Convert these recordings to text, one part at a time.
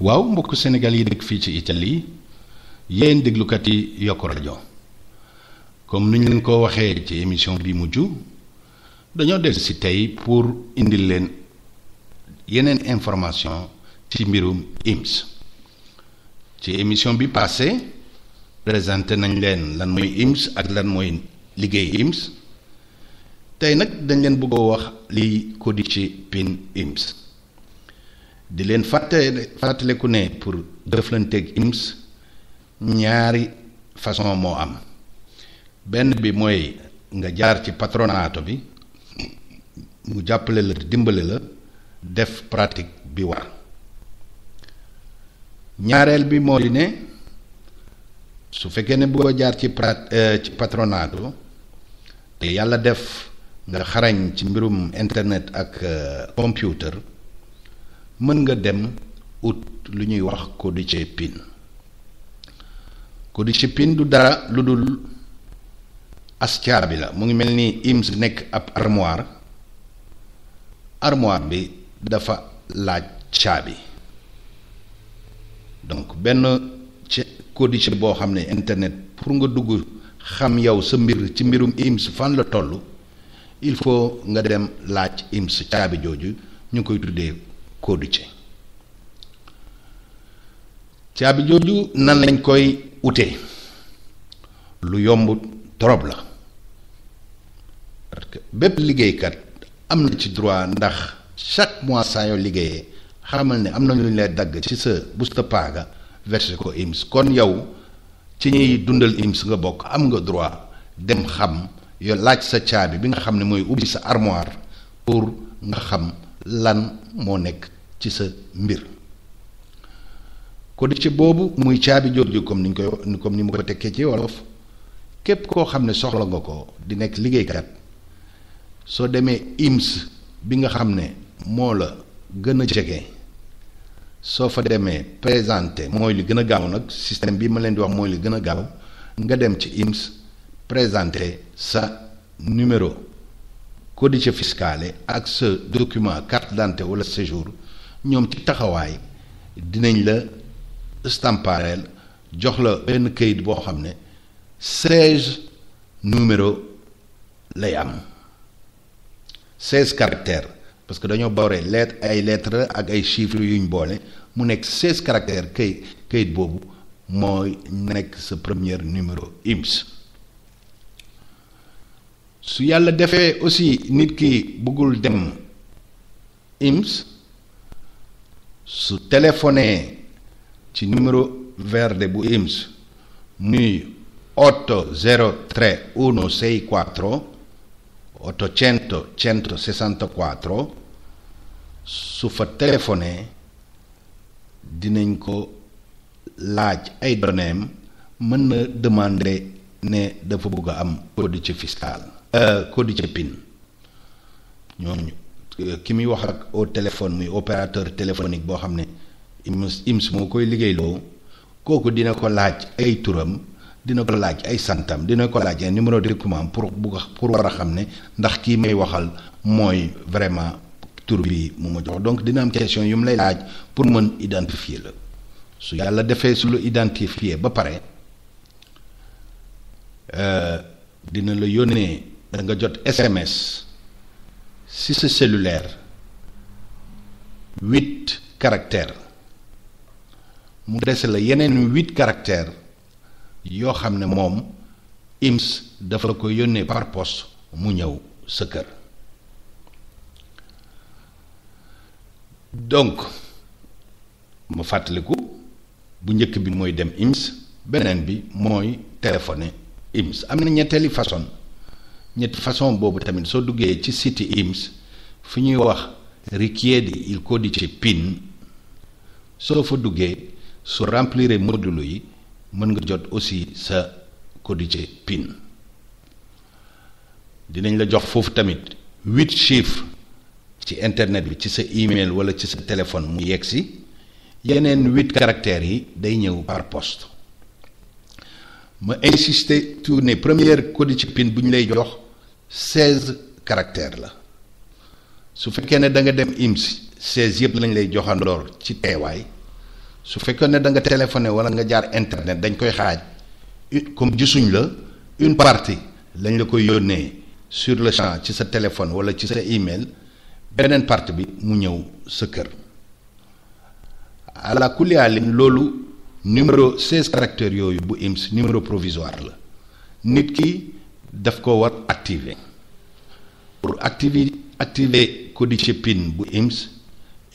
waaw mbokk Sénégal yi dëkk fii ci Italie yéen déglukat yi yokk rajo comme ni ñu leen ko waxee ci émission bi mujj dañoo des si tey pour indil leen yeneen information ci mbirum IMS ci émission bi passé présenté nañ leen lan mooy IMS ak lan mooy liggéey IMS tey nag dañ leen bëggoo wax li liy ci PIN IMS di leen fàtte fàttale fàttaliku ne pour jëflanteeg IMS ñaari façon moo am benn bi mooy nga jaar ci patronato bi mu jàppale la dimbale la def pratique bi war ñaareel bi moo di ne su fekkee ne bëggoo jaar ci euh, ci patronato te yàlla def nga xarañ ci mbirum internet ak euh, computer mën nga dem ut lu ñuy wax codicépine codicépine du dara lu dul as caabi la mu ngi mel ni ims nekk ab armoire armoire bi dafa laaj caabi donc benn ci codice boo xam ne internet pour nga dugg xam yow sa mbir ci mbirum ims fan la toll il faut nga dem laaj ims caabi jooju ñu koy tuddee kóodu ci caabi jooju nan lañ koy utee lu yomb torop la parce que bépp liggéeykat am na ci droit ndax chaque mois saa yoo liggéeyee xamal ne am na ñu lay dagg ci sa busta paaga versé ko IMS kon yow ci ñuy dundal IMS nga bokk am nga droit dem xam yo laaj sa caabi bi nga xam ne mooy ubbi sa armoire pour nga xam lan moo nekk ci sa mbir codice boobu muy caabi jooju comme ni ñu koy comme ni mu ko tekkee ci wolof képp koo xam ne soxla nga ko di nekk liggéey liggéeykat soo demee IMS bi nga xam ne moo la gën a jege soo fa demee présenté mooy li gën a gaaw nag système bi ma leen di wax mooy li gën a gaaw nga dem ci IMS présenté sa numéro codice fiscale ak sa document carte d'identité wala séjour ñoom ci taxawaay dinañ la stampareel jox la benn kayit boo xam ne seize numéro lay am seize caractères parce que dañoo booree lettre ay lettres ak ay chiffres yuñ boole mu nekk seize caractères kay kayit boobu mooy nekk sa première numéro IMS su yàlla defee aussi nit ki bëggul dem IMS su telefonee ci numero verde bu IMSS muy 803 164 800 164 su fa telefonee dinañ ko laaj ay doneem mën na demander ne dafa bëgg a am codice fiscal euh, codice PIN ñooñu Euh, ki muy wax ak au téléphone muy opérateur téléphonique boo xam ne IMS IMS moo koy liggéeyloo kooku dina ko laaj ay turam dina ko laaj ay santam dina ko laaj ay numéro de document pour bu pour war a xam ne ndax kii may waxal mooy vraiment tur bi mu ma jox donc dina am question yu mu lay laaj pour mën identifie la su yàlla defee su la identifier ba pare euh, dina la yónnee da nga jot SMS. si cellulaires cellulaire huit caractères mu y la yeneen caractères Vous xam ne IMS dafa ko par poste mu ñëw donc ma fàttaliku bu njëkk bi dem IMS beneen bi mooy téléphoner IMS am façon ñett façon boobu tamit soo duggee ci site IMS fi ñuy wax richiedi il codice PIN soo fa duggee su remplir modulo yi mën nga jot aussi sa codice PIN dinañ la jox foofu tamit huit chiffres ci internet bi ci sa email wala ci sa téléphone mu yegg si yeneen huit caractères yi day ñëw par poste ma insister tourné première codice PIN bu ñu lay jox. 16 caractères la su fekkee ne da nga dem IMSI 16 yëpp lañ lay joxandoor ci teewaay su fekkee internet dañ koy xaaj comme une partie lañ la koy sur le champ ci sa téléphone wala ci sa email beneen partie bi mu ñëw sa kër numéro 16 caractères yooyu bu numéro provisoire la nit daf ko war activer pour activer activer codice PIN bu IMS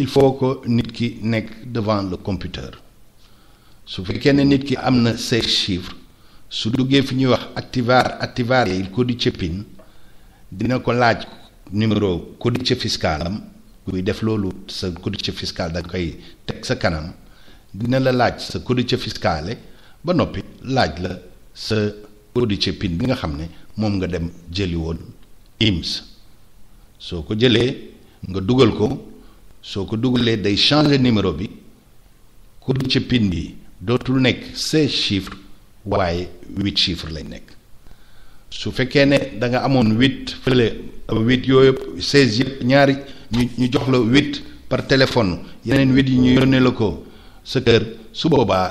il faut que nit ki nekk devant le computer su fekkee nit ki am ces chiffres su duggee fi ñuy wax activer, activer il codice PIN dina ko laaj numéro code fiscal fiscalam kuy def loolu sa codice fiscal da koy tek sa kanam dina la laaj sa codice fiscale ba nopi laaj la sa codice PIN bi nga xam ne moom nga dem jëli woon IMS soo ko jëlee nga dugal ko soo ko dugalee day changer numéro bi codice PIN bi dootul nekk seize chiffres waaye huit chiffres lañ nekk su fekkee ne da nga amoon huit fële huit yooyu yëpp ñaari ñu jox la huit par téléphone yeneen wit yi ñu yónnee la ko sa kër su boobaa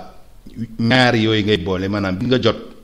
ñaari yooyu ngay boole maanaam bi nga jot.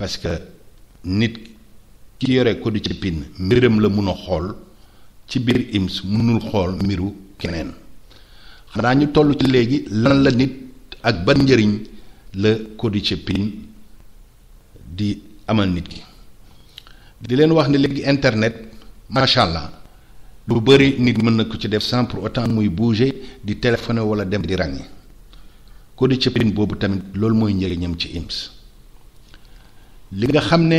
parce que nit ki yore ko du ci pin mbiram la mun xool ci biir IMS mënul xool mbiru keneen xanaa ñu toll ci léegi lan la nit ak ban njëriñ la codicépine di amal nit ki di leen wax ni léegi internet macha allah lu bëri nit mën na ko ci def sans pour muy bouger di téléphoner wala dem di yi ràññi codicépine boobu tamit loolu mooy njëriñam ci IMS. li nga xam ne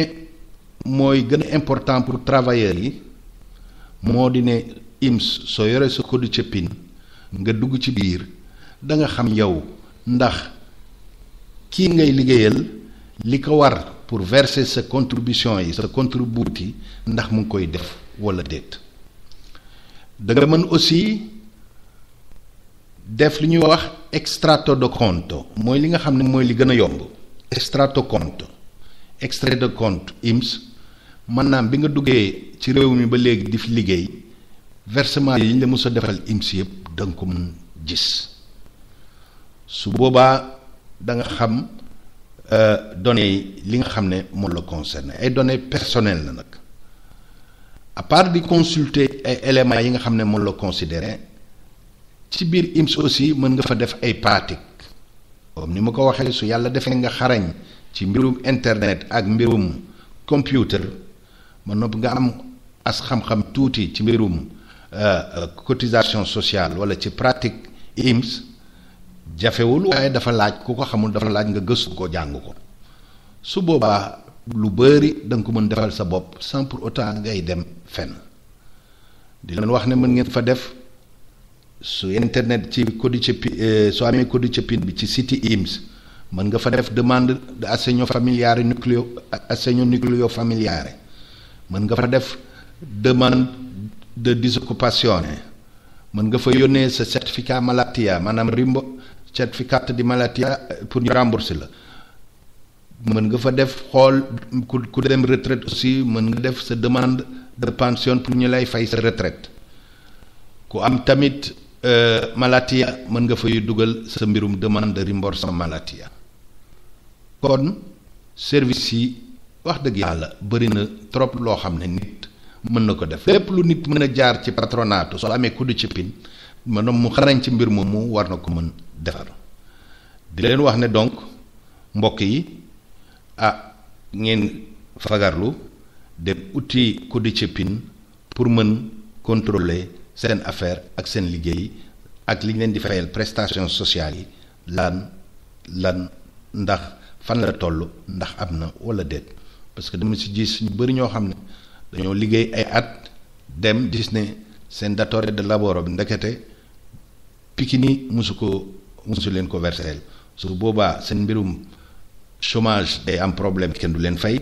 mooy gën a important pour travailleur yi moo di ne IMS soo yoree sa code ca PIN nga dugg ci biir da nga xam yow ndax kii ngay liggéeyal li ko war pour verser sa contribution yi sa contribution yi ndax mu ngi koy def wala déet da nga mën aussi def li ñuy wax extrato de compte mooy li nga xam ne mooy li gën a yomb extrato compte extrait de compte IMS maanaam bi nga duggé ci réew mi ba légui di fi liggéey versement yi ñu la defal IMS yëpp da nga ko mën gis su boba da nga xam euh, données li nga xamné ne moo la concerné ay données personnelles la à part di consulter ay éléments yi nga xamné ne moo la considéré ci biir IMS aussi mën nga fa def ay pratiques comme ni ma ko su yalla defee nga xarañ ci mbirum internet ak mbirum computer ma nopp nga am as xam-xam tuuti ci mbirum euh, euh, cotisation sociale wala ci pratique IMS jafewul waaye dafa laaj ku ko xamul dafa laaj nga gësu ko jàng ko su boobaa lu bëri da nga ko mën defal sa bopp sans pour autant ngay dem fenn di leen wax ne mën ngeen fa def su internet ci codice pi euh, su amee codice PIN bi ci site IMS man nga fa def demande de assignation familiare nucléo assignation nucléo familiare man nga fa def demande de man nga fa sa certificat malatia manam rimbo certificat di malatia pour ñu rembourser la man nga fa def xol ku ku dem retraite aussi man nga def sa demande de pension pour ñu lay fay sa retraite ku am tamit euh, malatia man nga yu dugal sa mbirum demande de remboursement malatia kon service yi wax deug yalla bari na trop lo xamne nit mën na ko def lepp lu nit mën a jaar ci patronat so amé kudd ci pin manam mu xarañ ci mbir mom mu war na ko mën defar di leen wax ne donc mbokk yi ah ngeen fagarlu dem uti kudd ci pin pour mën contrôler sen affaire ak sen liggéey ak liñ leen di fayal prestation sociale yi lan lan ndax fan la tollu ndax am wala déet parce que dama si gis ñu bëri ñoo xam ne dañoo ay at dem gis ne seen dator de laboro bi pikini musu ko musu leen ko versel. su boobaa seen mbirum chômage day am problème kenn du leen fay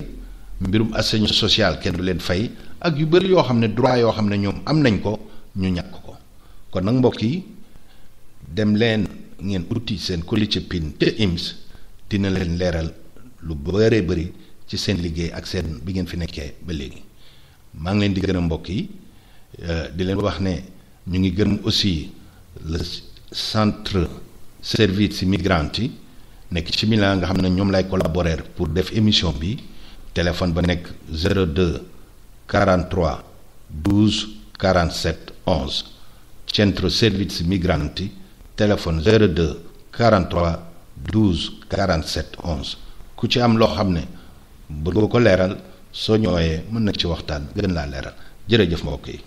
mbirum assigne social kenn du leen fay ak yu bëri yoo xam ne droit yoo xam ne am nañ ko ñu ñàkk ko kon nag mbokk dem leen ngeen uti seen collectif pin te ims dina leen leeral lu bëree bëri ci seen bien ak seen bi ngeen fi nekkee ba léegi maa ngi leen di mbokk yi euh, di wax ñu ngi aussi le centre service migrants yi nekk ci Milan nga xam ne ñoom lay collaborer pour def émission bi téléphone ba nekk 02 43 12 47 11 centre service migrants téléphone 02 43 12 47 11 ku ci am loo xam ne bëgg ko leeral soo ñëwee mën na ci waxtaan gën laa leeral jërëjëf mbokk yi.